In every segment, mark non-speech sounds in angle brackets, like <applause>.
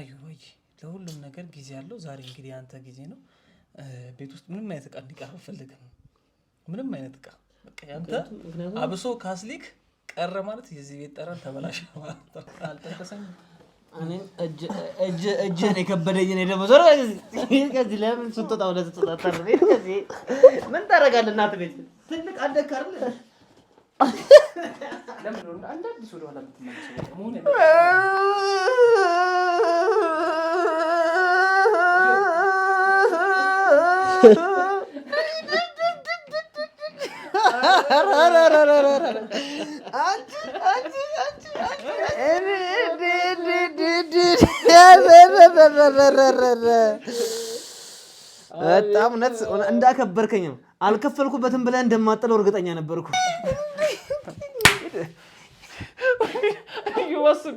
አዩ ወይ ለሁሉም ነገር ጊዜ ያለው ዛሬ እንግዲህ አንተ ጊዜ ነው። ቤት ውስጥ ምንም አይነት እቃ እንዲቀር አልፈልግም። ምንም አይነት እቃ አንተ አብሶ ካስሊክ ቀረ ማለት የዚህ ቤት ጠረን ተበላሸ ማለት ነው። አልጠቀሰኝም እጅህን የከበደኝን ደግሞ ዞር ከዚህ ለምን ስትወጣ ሁለት ስትወጣ ምን ታደርጋለህ? እናት ቤት ትልቅ አደግ ለምን አንዳንድ ወደኋላ ምትመለስ በጣም እውነት እንዳከበርከኝ ነው። አልከፈልኩበትም ብለህ እንደማጠለው እርግጠኛ ነበርኩ። ይወስድ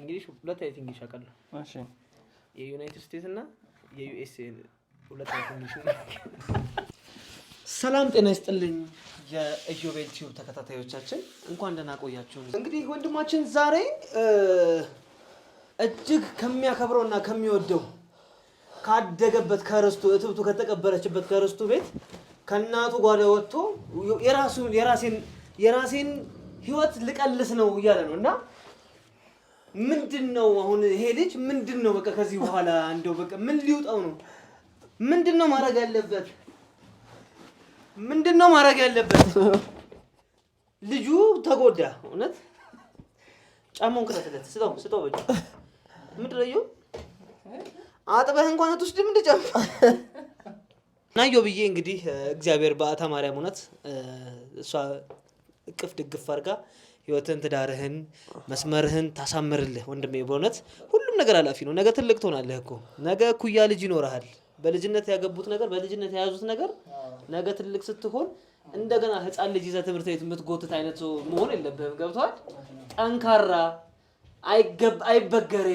እንግዲሽ ሁለት አይነት እንግሊሽ አውቃለሁ። እሺ፣ የዩናይትድ ስቴትስ እና የዩኤስኤ ሁለት አይነት እንግሊሽ። ሰላም ጤና ይስጥልኝ የኢዮቤል ቲዩብ ተከታታዮቻችን እንኳን ደህና ቆያችሁ። እንግዲህ ወንድማችን ዛሬ እጅግ ከሚያከብረው እና ከሚወደው ካደገበት ከርስቱ እትብቱ ከተቀበረችበት ከርስቱ ቤት ከእናቱ ጓዳ ወጥቶ የራሱ የራሴን የራሴን ህይወት ልቀልስ ነው እያለ ነው እና ምንድን ነው አሁን ይሄ ልጅ ምንድን ነው በቃ ከዚህ በኋላ እንደው በቃ ምን ሊውጣው ነው? ምንድን ነው ማድረግ ያለበት? ምንድን ነው ማድረግ ያለበት? ልጁ ተጎዳ። እውነት ጫማውን ክረትለት። ስጠው ስጠው። በእጁ ምንድን ነው አጥበህ እንኳን አትወስድም እንደጨም ናዮ ብዬ እንግዲህ እግዚአብሔር በአታ ማርያም እውነት እሷ እቅፍ ድግፍ አድርጋ ህይወትን ትዳርህን መስመርህን ታሳምርልህ ወንድሜ። በእውነት ሁሉም ነገር አላፊ ነው። ነገ ትልቅ ትሆናለህ እኮ ነገ ኩያ ልጅ ይኖረሃል በልጅነት ያገቡት ነገር በልጅነት የያዙት ነገር ነገ ትልቅ ስትሆን እንደገና ህፃን ልጅ ይዘህ ትምህርት ቤት የምትጎትት አይነት መሆን የለብህም። ገብተዋል ጠንካራ አይበገሬ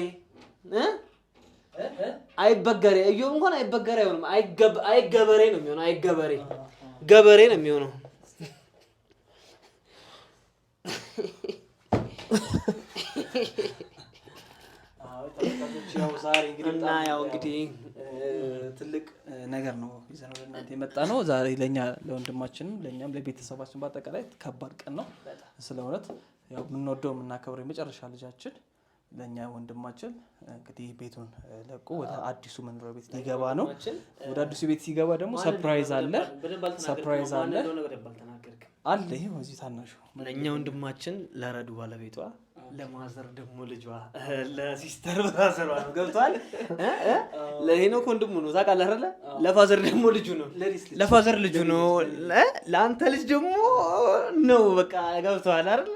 አይበገሬ እዮብ እንኳን አይበገሬ አይሆንም። አይገበሬ ነው የሚሆነው። አይገበሬ ገበሬ ነው የሚሆነው። እና ያው እንግዲህ ትልቅ ነገር ነው ይዘን ወደ እናንተ የመጣ ነው ዛሬ ለእኛ ለወንድማችንም ለእኛም ለቤተሰባችን በአጠቃላይ ከባድ ቀን ነው። ስለ እውነት ያው የምንወደው የምናከብረው የመጨረሻ ልጃችን ለእኛ ወንድማችን እንግዲህ ቤቱን ለቆ ወደ አዲሱ መኖሪያ ቤት ሊገባ ነው። ወደ አዲሱ ቤት ሲገባ ደግሞ ሰፕራይዝ አለ፣ ሰፕራይዝ አለ አለ። ይህ በዚህ ታናሹ ለእኛ ወንድማችን ለረዱ ባለቤቷ ለማዘር ደግሞ ልጇ ለሲስተር ማዘሯ ነው። ገብቷል። <laughs> ለሄኖክ ወንድሙ ነው ታውቃለህ አይደለ? ለፋዘር ደግሞ ልጁ ነው። ለፋዘር ልጁ ነው። ለአንተ ልጅ ደግሞ ነው። በቃ ገብቷል አይደለ?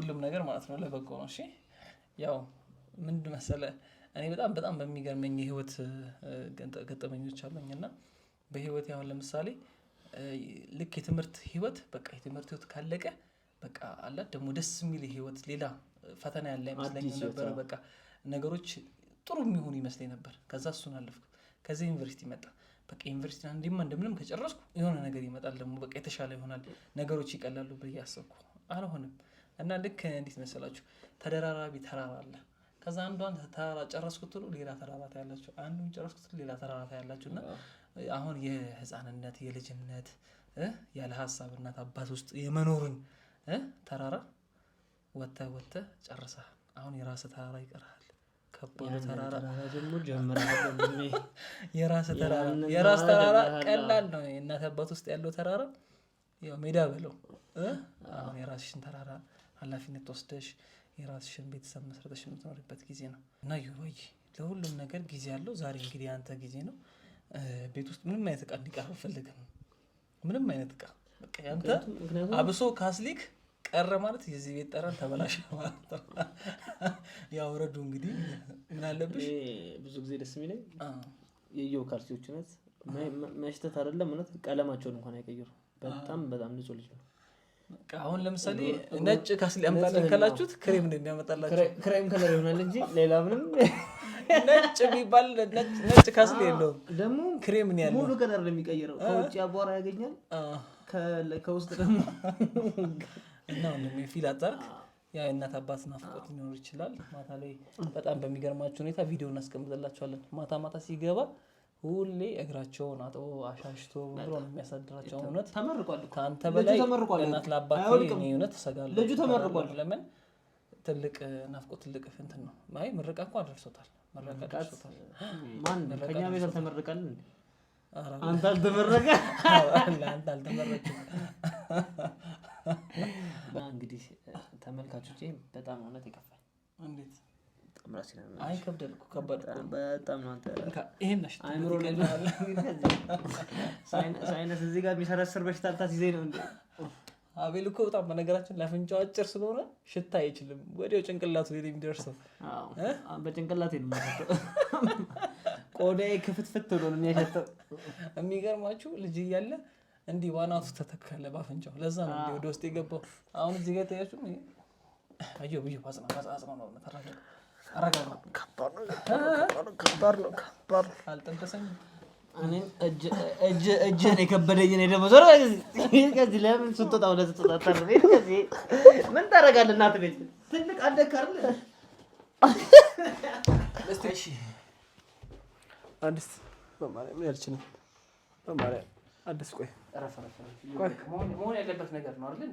ሁሉም ነገር ማለት ነው ለበጎ ነው። እሺ ያው ምንድ መሰለ እኔ በጣም በጣም በሚገርመኝ የህይወት ገጠመኞች አለኝ እና በህይወት ያሁን ለምሳሌ ልክ የትምህርት ህይወት በቃ የትምህርት ህይወት ካለቀ በቃ አለ ደግሞ ደስ የሚል ህይወት ሌላ ፈተና ያለ ይመስለኝ ነበረ። በቃ ነገሮች ጥሩ የሚሆኑ ይመስለኝ ነበር። ከዛ እሱን አለፍኩ። ከዚህ ዩኒቨርሲቲ መጣ። በቃ ዩኒቨርሲቲ እንዲማ እንደምንም ከጨረስኩ የሆነ ነገር ይመጣል ደግሞ በቃ የተሻለ ይሆናል ነገሮች ይቀላሉ ብዬ አሰብኩ። አልሆንም። እና ልክ እንዴት መሰላችሁ ተደራራቢ ተራራ አለ። ከዛ አንዷን ተራራ ጨረስኩት ትሉ ሌላ ተራራ ታያላችሁ፣ አንዱን ጨረስኩት ትሉ ሌላ ተራራ ታያላችሁ። እና አሁን የህፃንነት የልጅነት ያለ ሀሳብ እናት አባት ውስጥ የመኖርን ተራራ ወተ ወተ ጨርሰ አሁን የራስ ተራራ ይቀርሃል። ከባዱ ተራራ ተራራ <laughs> ቀላል ነው። የእናት አባት ውስጥ ያለው ተራራ ሜዳ በለው። አሁን የራስሽን ተራራ ኃላፊነት ወስደሽ የራስሽን ቤተሰብ መስረተሽ የምትኖርበት ጊዜ ነው እና ወይ ለሁሉም ነገር ጊዜ ያለው። ዛሬ እንግዲህ አንተ ጊዜ ነው። ቤት ውስጥ ምንም አይነት እቃ እንዲቀር አልፈልግም። ምንም አይነት እቃ አንተ አብሶ ካስሊክ ቀረ ማለት የዚህ ቤት ጠረን ተበላሸ ማለት ነው። <laughs> ያውረዱ እንግዲህ ምን አለብሽ። ብዙ ጊዜ ደስ የሚለኝ የየው ካልሲዎች ነት መሽተት አይደለም እውነት ቀለማቸውን እንኳን አይቀይሩ። በጣም በጣም ንጹህ ልጅ ነው። አሁን ለምሳሌ ነጭ ካስ ሊያመጣልን ከላችሁት ክሬም ነው የሚያመጣላችሁ። ክሬም ከለር ይሆናል እንጂ ሌላ ምንም <laughs> ነጭ የሚባል ነጭ ካስ የለውም። ደግሞ ክሬም ነው ያለው ሙሉ ከለር ነው የሚቀይረው። ከውጭ አቧራ ያገኛል፣ ከውስጥ ደግሞ <laughs> እና ወንድም ፊል አጣርክ ያ እናት አባት ናፍቆት ሊኖር ይችላል። ማታ ላይ በጣም በሚገርማችሁ ሁኔታ ቪዲዮ እናስቀምጥላችኋለን። ማታ ማታ ሲገባ ሁሌ እግራቸውን አጥቦ አሻሽቶ ብሎ ነው የሚያሳድራቸው። እውነት ተመርቋል። ከአንተ በላይ እናት ለአባት እውነት እሰጋለሁ። ልጁ ተመርቋል። ለምን ትልቅ ናፍቆ ትልቅ ፍንትን ነው። አይ ምርቃ እኮ አደርሶታል። ከእኛ ቤት አልተመረቀልን። አንተ አልተመረቀ <laughs> አንተ አልተመረቀ። <laughs> እንግዲህ ተመልካቾቼ በጣም እውነት ይከፋል። እንዴት <laughs> ሳይነስ እዚህ ጋር የሚሰረስር በሽታ አልታስይዘኝ ነው እንዴ? አቤል እኮ በጣም በነገራችን ለአፍንጫው አጭር ስለሆነ ሽታ አይችልም። ወዲያው ጭንቅላቱ ላይ የሚደርሰው በጭንቅላት ቆዳዬ ክፍትፍት ብሎ ነው የሚያሸተው። የሚገርማችሁ ልጅ እያለ እንዲህ ዋናቱ ተተካለ በአፍንጫው። ለዛ ነው ወደ ውስጥ የገባው። አሁን እዚህ ጋር ታያችሁ ብዬ እጅህን የከበደኝን ደግሞ ዞር ከዚህ ለምን ስትወጣ ወደ ስትወጣ ምን ታደርጋለህ? እናት ቤት ትልቅ አደካርል አዲስ በማርያም ያልችልም በማርያም አዲስ ቆይ መሆን ያለበት ነገር ነው አይደል?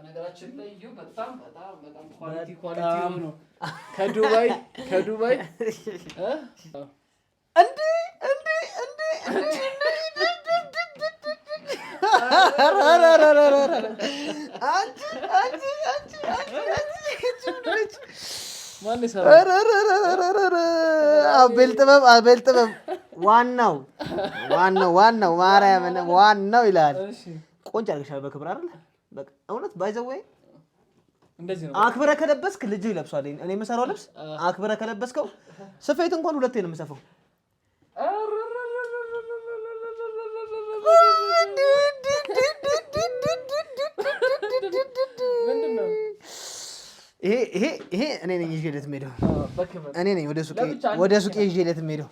በነገራችን ላይ ይኸው በጣም በጣም በጣም ኳሊቲ ኳሊቲ ነው። ከዱባይ ከዱባይ እንዴ እንዴ እንዴ አቤል ጥበብ አቤል ጥበብ ዋናው ዋናው ዋናው ማርያምን ዋናው ይላል። ቆንጆ አድርገሻል በክብር አይደል? በቃ እውነት ባይዘወይ እንደዚህ ነው። አክብረ ከለበስክ ልጅ ይለብሷል። እኔ የምሰራው ልብስ አክብረ ከለበስከው ስፌት እንኳን ሁለቴ ነው የምሰፋው። ይሄ እኔ ነኝ ይዤ የምሄደው እኔ ነኝ ወደ ሱቄ ይዤ የምሄደው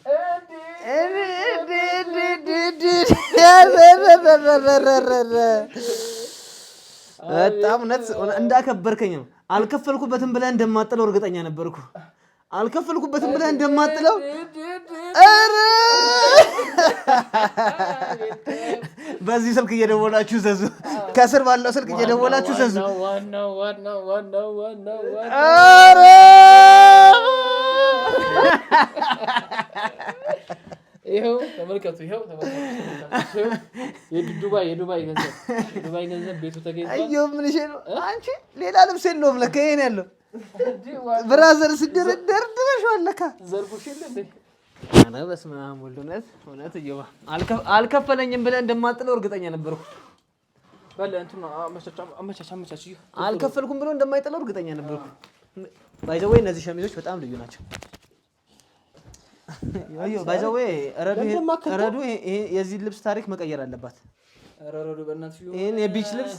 በጣም እውነት እንዳከበርከኝ ነው። አልከፈልኩበትም ብለህ እንደማጥለው እርግጠኛ ነበርኩ። አልከፈልኩበትም ብለህ እንደማጥለው በዚህ ስልክ እየደወላችሁ ዘዙ፣ ከስር ባለው ስልክ እየደወላችሁ ዘዙ። ኧረ ይኸው ተመልከቱ፣ ይኸው ተመልከቱ። የዱባይ የዱባይ ገንዘብ የዱባይ ገንዘብ ቤቱ ተገኝቷል። አየሁ ነው አንቺ፣ ሌላ ልብስ የለውም ለካ ይሄን ያለው ብራዘር ስደረደር ድረሽዋል ለካ ኧረ በስመ አብ ወልድ። እውነት እውነት እየዋ አልከፈለኝም ብለህ እንደማጥለው እርግጠኛ ነበርኩ። አልከፈልኩም ብሎ እንደማይጥለው እርግጠኛ ነበርኩ። ባይዘወይ እነዚህ ሸሚዞች በጣም ልዩ ናቸው። <laughs> ባይዘዌ ረዱ ረዱ የዚህ ልብስ ታሪክ መቀየር አለባት። ይህን የቢች ልብስ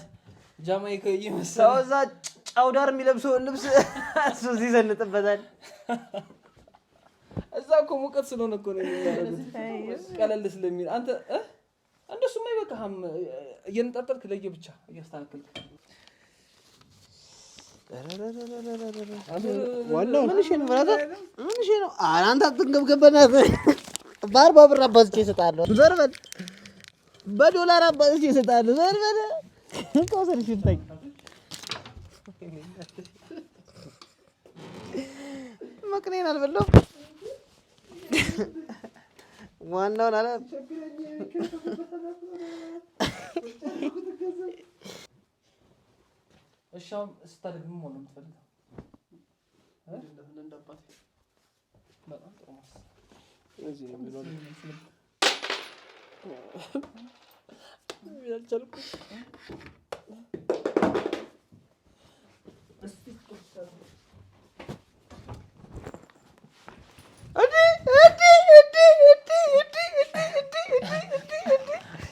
ጃማይካ ይመስላል። ጫው ጫውዳር የሚለብሰውን ልብስ <laughs> እሱ እዚህ ይዘንጥበታል። <laughs> እዛ እኮ ሙቀት ስለሆነ እኮ ነው ቀለል ስለሚል አንተ እንደሱማ ይበቃህም። እየነጣጠልክ ለየ ብቻ እያስተካከልክ ዋናው ምንሽን ብራዘር ምንሽ ነው? አንተ አትንገብገበና በአርባ ብር አባዝቼ እሰጥሃለሁ። ዘር በል በዶላር አባዝቼ እሰጥሃለሁ። ዘር በል ከወሰድሽን ተኝ መቅኔን አልበለው ዋናውን አለ እሻም ስታደግ ምን መሆን የምትፈልገው?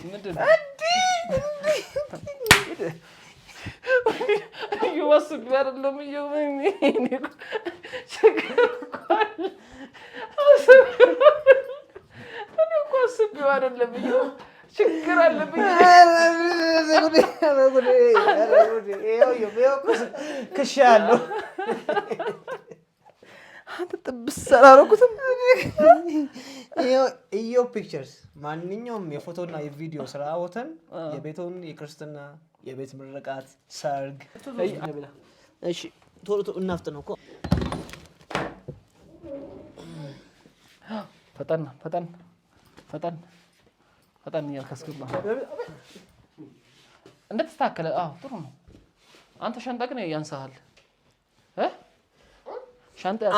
ምንድን ነው እየዋስብ አይደለም ችግር አይደለም ችግር አለብኝ። ክሻ ያለው አንተ ጥብስ አላደረኩትም። ኢዮ ፒክቸርስ ማንኛውም የፎቶና የቪዲዮ ስራ ቦተን የቤቶን የክርስትና የቤት ምርቃት፣ ሰርግ። እሺ ቶሎ ቶሎ እናፍጥ ነው እኮ ፈጠን ፈጠን ፈጠን ፈጠን እያልክ አስገባ። እንደተስተካከለ ጥሩ ነው። አንተ ሻንጣ ግን ያንሳሃል።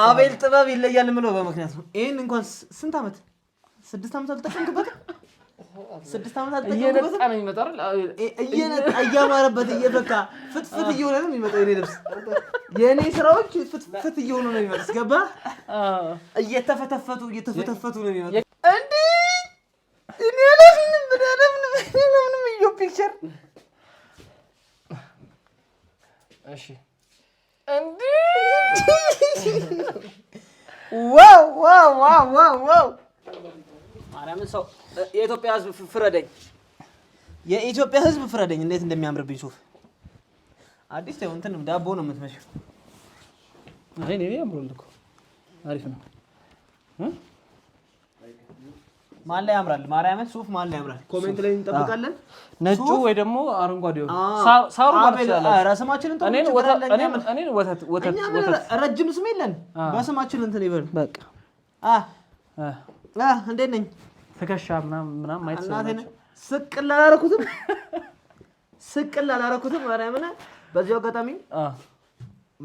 አቤል ጥበብ ይለያል ምለው በምክንያት ነው። ይህን እንኳን ስንት ዓመት ስድስት ዓመት አልጠቀምክበትም ስድስት ዓመታት እየነጣ ነው የሚመጣው አይደል? እየነጣ እያማረበት እየበካ ፍትፍት እየሆነ ነው የሚመጣው። የኔ ልብስ የእኔ ስራዎች ፍትፍት እየሆኑ ነው የሚመጡት። ገባህ? እየተፈተፈቱ እየተፈተፈቱ ነው የሚመጡት። እንዲህ ፒክቸር እሺ እንዲህ <laughs> ዋው ዋው ዋው ዋው ማርያምን ሰው የኢትዮጵያ ህዝብ ፍረደኝ፣ የኢትዮጵያ ህዝብ ፍረደኝ። እንዴት እንደሚያምርብኝ ሱፍ አዲስ ተይው። እንትን ዳቦ ነው የምትመጪው። አይ እኔ ያምራል እኮ አሪፍ ነው። ማን ላይ ያምራል? ማርያምን ሱፍ ማን ላይ ያምራል? ኮሜንት ላይ እንጠብቃለን። ነጩ ወይ ደግሞ አረንጓዴው ሳሩ ማለት ይችላል። ስማችንን እኔ ወተት ወተት ወተት ረጅም ስም የለን። በስማችን እንትን ይበል በቃ። አ አ እንዴት ነኝ? ትከሻ ምናምን ማየት ስለሆነ ስቅል አላረኩትም፣ ስቅል አላረኩትም። ምን በዚህ አጋጣሚ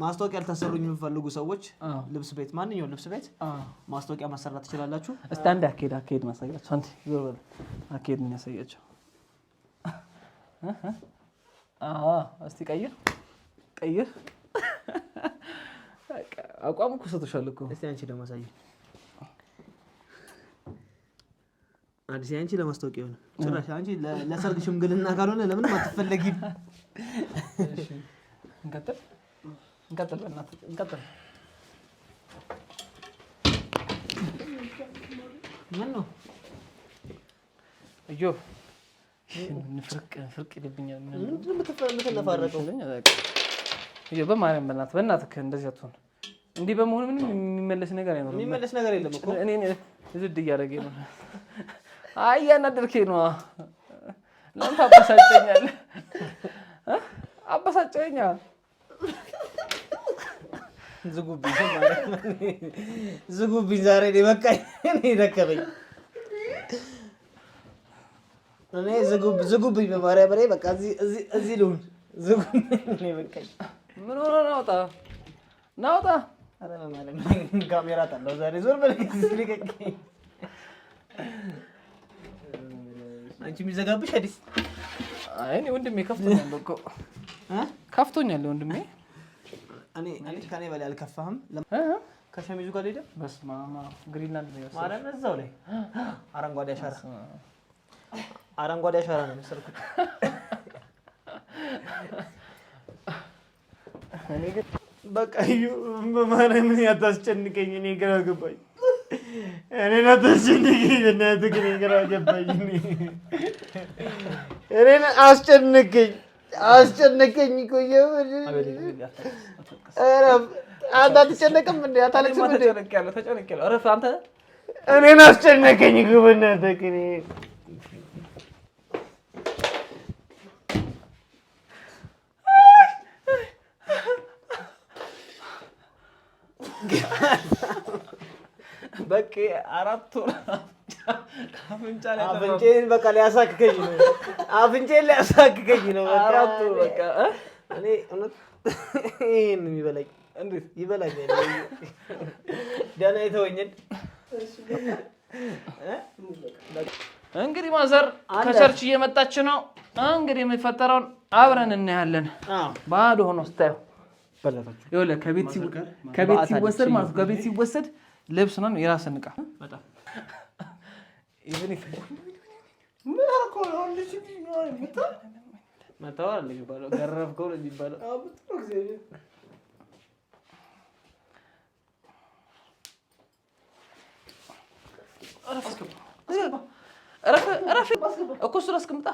ማስታወቂያ ልታሰሩኝ የምፈልጉ ሰዎች ልብስ ቤት፣ ማንኛውም ልብስ ቤት ማስታወቂያ ማሰራት ትችላላችሁ። እስቲ አንድ አካሄድ አካሄድ ማሳያቸው፣ አንድ ዞር በል አካሄድ የሚያሳያቸው እስቲ ቀይር ቀይር። አቋም እኮ ሰጥሻል እኮ። እስቲ አንቺ ደግሞ አሳየኝ አዲስ አንቺ ለማስታወቂያ ሆነ ጭራሽ አንቺ ለሰርግ ሽምግልና ካልሆነ ለምን አትፈለጊም። ፍርቅ በማርያም በእናትህ በእናትህ እንደዚህ አትሆን። እንዲህ በመሆኑ ምንም የሚመለስ ነገር አይኖርም። የሚመለስ ነገር የለም እኮ እኔ ዝድ እያደረገ ነው አይ እያናደድከኝ ነዋ። ለምን ታበሳጨኛለህ? አበሳጨኛ ዝጉብኝ ዛሬ በቃ ደከመኝ። እኔ ዝጉብኝ በማርያም በላይ በቃ እዚህ ልሁን። ምን ሆነ? ናውጣ ናውጣ። ካሜራ ጣለው ዛሬ ዞር በል አንቺ የሚዘጋብሽ አዲስ እኔ ወንድሜ ከፍቶኛል እኮ ከፍቶኛል ወንድሜ። እኔ ከኔ በላይ አልከፋህም። ከሸሚዙ ጋር ልሄደ ግሪንላንድ ማለት እዛው ላይ <gasps> አረንጓዴ አሻራ አረንጓዴ አሻራ ነው የመሰልኩት። እኔ ግን በቃ በማርያምን ያታስጨንቀኝ እኔ ግራ ገባኝ። እኔ ነተሽ እናት ግን ግራ ገባኝ። እኔን አስጨንቀኝ አስጨንቀኝ እኮ አንተ አትጨነቅም እንዴ? አታለቅስም እንዴ? እኔን አስጨነቀኝ እኮ በእናትህ ግን በቃ አራት ወር አፍንጬን በቃ ሊያሳክከኝ ነው። አፍንጬን ሊያሳክከኝ ነው። አራት ወር በቃ እኔ እውነት ይሄን የሚበላኝ እንዴት ይበላኛል? ደህና የተወኝን እንግዲህ ማዘር ከቸርች እየመጣች ነው። እንግዲህ የሚፈጠረውን አብረን እናያለን። ባዶ ሆኖ ስታየው ከቤት ሲወሰድ ማለት ከቤት ሲወሰድ ልብስ ነው የራስን እቃ እኮ እሱን አስቀምጣ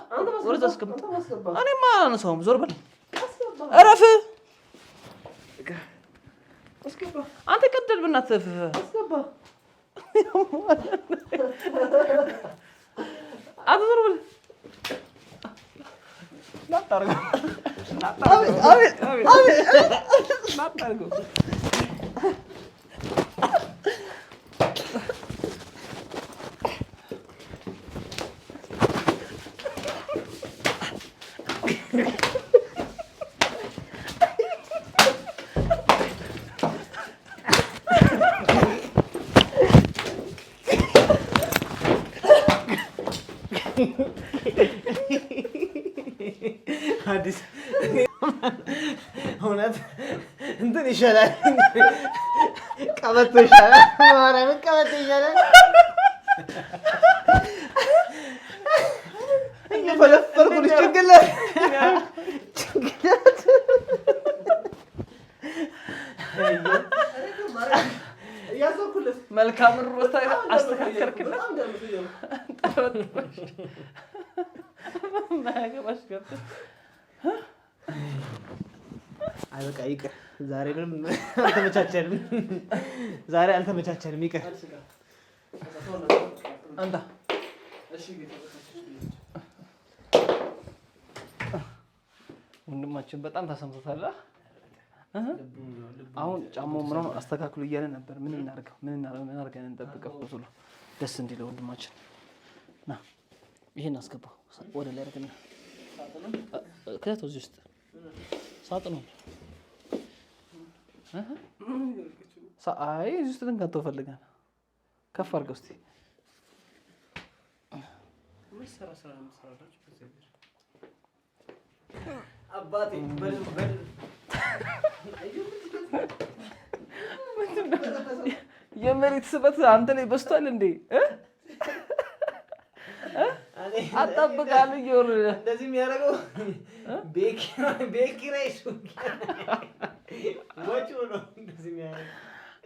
ወደዛ አስቀምጣ። እኔማ አላነሳውም። ዞር በል እረፍ። አንተ ቀደል ብናትፍ አዞር ብል አቤት አቤት አቤት አዲስ እውነት እንትን ይሻላል፣ ቀበቶ ይሻላል፣ ማርያምን ቀበቶ ይሻላል። እየፈለፈልኩልሽ ጭንቅላት ጭንቅላት መልካም ሮታ አስተካከልክለት Başka. አይ በቃ ይቅር። ዛሬ ምንም አልተመቻቸንም። ዛሬ አልተመቻቸንም። ይቅር አንተ ወንድማችን በጣም ታሰምቶታለህ። አሁን ጫማው ምናምን አስተካክሉ እያለ ነበር። ምን እናርገው? ምን እናርገን? እንጠብቀው ደስ እንዲለው ወንድማችን ና ይሄን አስገባ ወደ ላይ ረግና ክተቱ እዚህ ውስጥ ሳጥኑ አይ እዚህ ውስጥ ልንጋቶ ፈልጋል። ከፍ አድርገው እስኪ የመሬት ስበት አንተ ላይ በስቷል እንዴ? አጠብቃለሁ እየወሩ እንደዚህ የሚያደርገው ቤት ኪራይ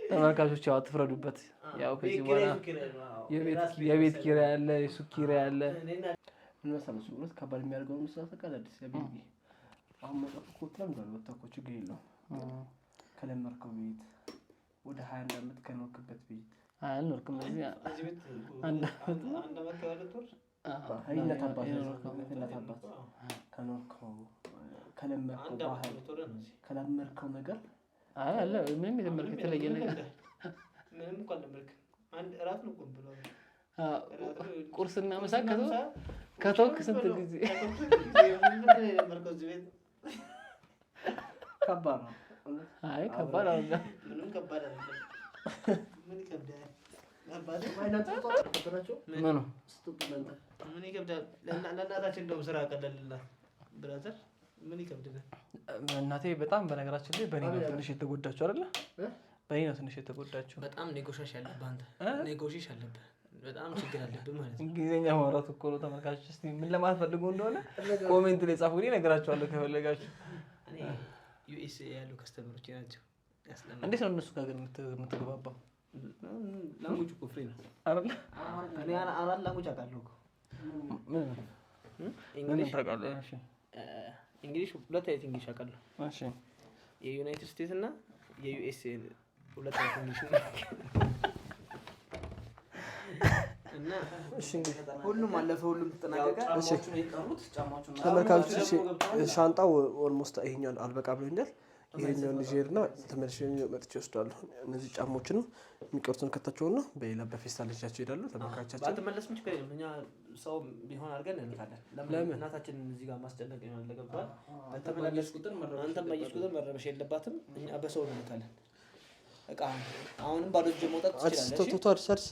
ተመልካቾች ያው አትፍረዱበት። ያው ከዚህ በኋላ የቤት ኪራይ አለ፣ የሱቅ ኪራይ አለ። ምን ከባድ የሚያደርገው አዲስ አሁን መጽሐፍ እኮ ትለምዳለህ። ወጣ እኮ ችግር የለውም ከለመርከው ቤት ወደ ሀያ አንድ ዓመት ከኖርክበት ቤት እናት አባት እናት አባት ከኖርከው ከለመድከው ባህል ከለመድከው ነገር አለ ምንም የተለየ ነገር ምንም እኮ አልለመድክም። አንድ እራት ነው ብሎ ቁርስና ምሳ ስንት ጊዜ <laughs> ከባድ ነው። አይ ከባድ ምንም ከባድ አለ ምን ይከብዳል? ምን ይከብዳል? ለእናታችን እንደውም ስራ ቀለልላት። ብራዘር ምን ይከብድናል? እናቴ በጣም በነገራችን ላይ በእኔ ነው ትንሽ የተጎዳችሁ አይደለ? በእኔ ነው ትንሽ የተጎዳችሁ። በጣም ኔጎሻሽ ያለብህ አንተ ኔጎሽሽ አለብህ። በጣም ችግር አለብን ማለት ነው። ጊዜኛ ማውራት እኮ ነው። ተመልካቾች እስኪ ምን ለማለት ፈልጎ እንደሆነ ኮሜንት ላይ ጻፉ፣ እነግራቸዋለሁ ከፈለጋችሁ። ዩኤስኤ ያሉ ከስተመሮች ናቸው። እንዴት ነው እነሱ ጋር ግን የምትግባባው? ላንጉጅ እኮ ፍሬ ነው አራት ላንጉጅ አውቃለሁ እኮ እንግሊሽ ሁለት አይነት እንግሊሽ አውቃለሁ። እሺ፣ የዩናይትድ ስቴትስ እና የዩኤስኤ ሁለት አይነት እንግሊሽ ሁሉም አለፈ፣ ሁሉም ተጠናቀቀ። ተመልካቾች ሻንጣው ኦልሞስት ይሄኛል አልበቃ ብሎኛል። ይሄኛውን ሊሄድ ና ተመልሼ መጥቼ እወስዳለሁ። እነዚህ ጫማዎችንም የሚቀሩትን ና በሌላ በፌስታ ልጃቸው ይሄዳሉ። ተመልካቻችን ባትመለስም ችግር የለም። እኛ ሰው ቢሆን አድርገን እንልካለን። ለምን እናታችን እዚህ ጋር ማስጨነቅ አንተም ባየሽ ቁጥር መረበሽ የለባትም። እኛ በሰው እንልካለን። እቃ አሁንም ባዶ መውጣት ትችላለች።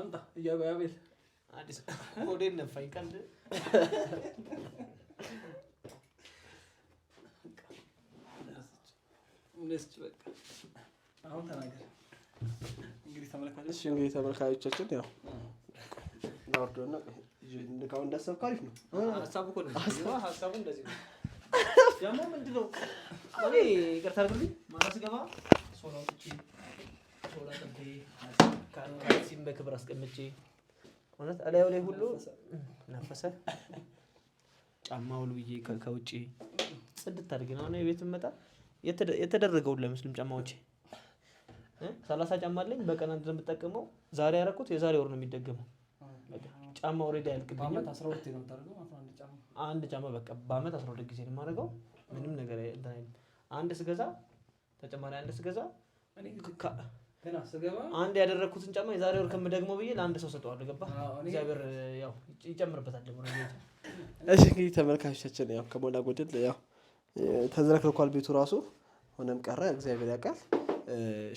አምጣ እያበያ ቤት አዲስ ሆዴን ነፋኝ። ቀልድ እንግዲህ ተመልካዮቻችን ያው ነው። ሀሳቡ እንደዚህ ነው። <laughs> ደግሞ ምንድን ነው ታክሲም በክብር አስቀምጬ እውነት አላዩ ላይ ሁሉ ነፈሰ ጫማ ሁሉ ብዬ ከውጭ ጽድት አድርገን አሁን የቤት መጣ የተደረገውን ለምስልም ጫማዎቼ ሰላሳ ጫማ አለኝ። በቀን አንድ የምጠቀመው ዛሬ ያደረኩት የዛሬ ወር ነው የሚደገመው። ጫማ ኦልሬዲ አያልቅብኝም። አንድ ጫማ በቃ በአመት አስራ ሁለት ጊዜ ነው የማደርገው። ምንም ነገር አንድ ስገዛ ተጨማሪ አንድ ስገዛ አንድ ያደረግኩትን ጫማ የዛሬ ወር ከምደግሞ ብዬ ለአንድ ሰው ሰጠዋለሁ። ገባ እግዚአብሔር ያው ይጨምርበታል። ደግሞ እሺ እንግዲህ ተመልካቾቻችን ያው ከሞላ ጎደል ያው ተዝረክርኳል ቤቱ ራሱ ሆነም ቀረ እግዚአብሔር ያውቃል።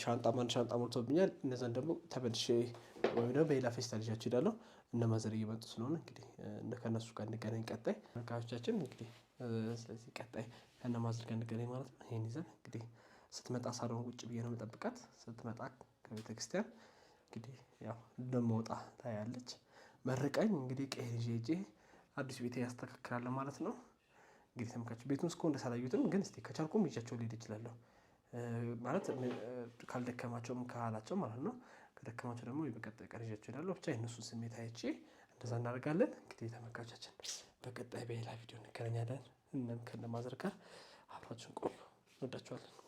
ሻንጣም አንድ ሻንጣ ሞልቶብኛል። እነዛን ደግሞ ተመልሼ ወይም ደግሞ በሌላ ፌስታ ልጃቸው ሄዳለሁ። እነ ማዘር እየመጡ ስለሆነ እንግዲህ ከእነሱ ጋር እንገናኝ ቀጣይ ተመልካቾቻችን። እንግዲህ ስለዚህ ቀጣይ ከእነ ማዘር ጋር እንገናኝ ማለት ነው። ይህን ይዘን እንግዲህ ስትመጣ ሳሎን ቁጭ ብዬ ነው የምጠብቃት። ስትመጣ ከቤተ ክርስቲያን እንግዲህ ያው እንደምወጣ ታያለች። መርቀኝ እንግዲህ ቀይ ሄጄ አዲስ ቤት ያስተካክላለሁ ማለት ነው። እንግዲህ ተመልካችሁ ቤቱን እስከሆነ ሳላዩትም ግን እስቲ ከቻልኩም ይዣቸው ሊሄድ እችላለሁ ማለት ካልደከማቸውም ካላቸው ማለት ነው። ከደከማቸው ደግሞ በቀጣይ ቀን ይዣቸው እሄዳለሁ። ብቻ የእነሱን ስሜት አይቼ እንደዛ እናደርጋለን። እንግዲህ ተመካቻችን በቀጣይ በሌላ ቪዲዮ እንገናኛለን። እነም ከነማዘር ጋር አብራችሁን ቆዩ። እንወዳችኋለን።